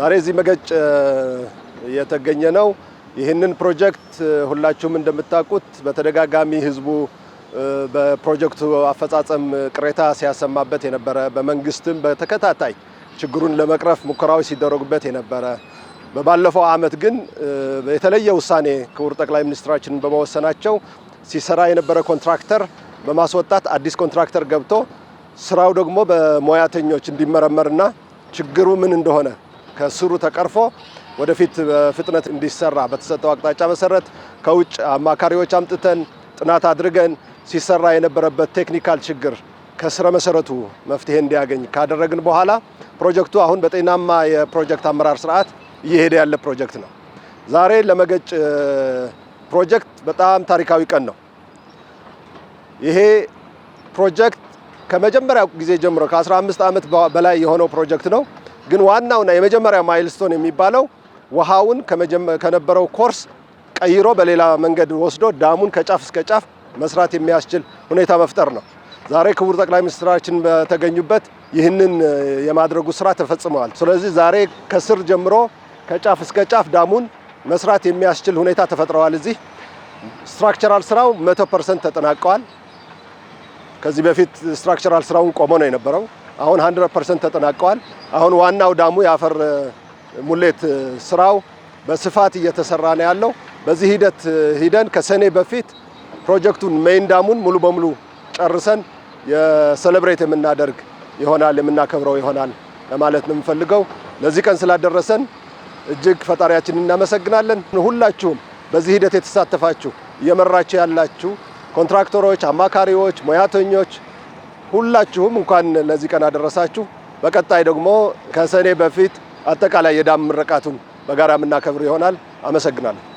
ዛሬ እዚህ መገጭ የተገኘ ነው። ይህንን ፕሮጀክት ሁላችሁም እንደምታውቁት በተደጋጋሚ ህዝቡ በፕሮጀክቱ አፈጻጸም ቅሬታ ሲያሰማበት የነበረ በመንግስትም በተከታታይ ችግሩን ለመቅረፍ ሙከራዎች ሲደረጉበት የነበረ በባለፈው ዓመት ግን የተለየ ውሳኔ ክቡር ጠቅላይ ሚኒስትራችንን በመወሰናቸው ሲሰራ የነበረ ኮንትራክተር በማስወጣት አዲስ ኮንትራክተር ገብቶ ስራው ደግሞ በሙያተኞች እንዲመረመርና ችግሩ ምን እንደሆነ ከስሩ ተቀርፎ ወደፊት በፍጥነት እንዲሰራ በተሰጠው አቅጣጫ መሰረት ከውጭ አማካሪዎች አምጥተን ጥናት አድርገን ሲሰራ የነበረበት ቴክኒካል ችግር ከስረ መሰረቱ መፍትሄ እንዲያገኝ ካደረግን በኋላ ፕሮጀክቱ አሁን በጤናማ የፕሮጀክት አመራር ስርዓት እየሄደ ያለ ፕሮጀክት ነው። ዛሬ ለመገጭ ፕሮጀክት በጣም ታሪካዊ ቀን ነው። ይሄ ፕሮጀክት ከመጀመሪያው ጊዜ ጀምሮ ከ15 ዓመት በላይ የሆነው ፕሮጀክት ነው። ግን ዋናውና የመጀመሪያ ማይልስቶን የሚባለው ውሃውን ከነበረው ኮርስ ቀይሮ በሌላ መንገድ ወስዶ ዳሙን ከጫፍ እስከ ጫፍ መስራት የሚያስችል ሁኔታ መፍጠር ነው። ዛሬ ክቡር ጠቅላይ ሚኒስትራችን በተገኙበት ይህንን የማድረጉ ስራ ተፈጽመዋል። ስለዚህ ዛሬ ከስር ጀምሮ ከጫፍ እስከ ጫፍ ዳሙን መስራት የሚያስችል ሁኔታ ተፈጥረዋል። እዚህ ስትራክቸራል ስራው መቶ ፐርሰንት ተጠናቀዋል። ከዚህ በፊት ስትራክቸራል ስራውን ቆሞ ነው የነበረው። አሁን 100 ፐርሰንት ተጠናቀዋል። አሁን ዋናው ዳሙ የአፈር ሙሌት ስራው በስፋት እየተሰራ ነው ያለው። በዚህ ሂደት ሂደን ከሰኔ በፊት ፕሮጀክቱን ሜይን ዳሙን ሙሉ በሙሉ ጨርሰን የሰለብሬት የምናደርግ ይሆናል የምናከብረው ይሆናል ለማለት ነው የምፈልገው። ለዚህ ቀን ስላደረሰን እጅግ ፈጣሪያችንን እናመሰግናለን። ሁላችሁም በዚህ ሂደት የተሳተፋችሁ እየመራችሁ ያላችሁ ኮንትራክተሮች፣ አማካሪዎች፣ ሙያተኞች ሁላችሁም እንኳን ለዚህ ቀን አደረሳችሁ። በቀጣይ ደግሞ ከሰኔ በፊት አጠቃላይ የዳም ምረቃቱን በጋራ የምናከብር ይሆናል። አመሰግናለሁ።